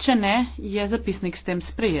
Če ne, je zapisnik s tem sprejet.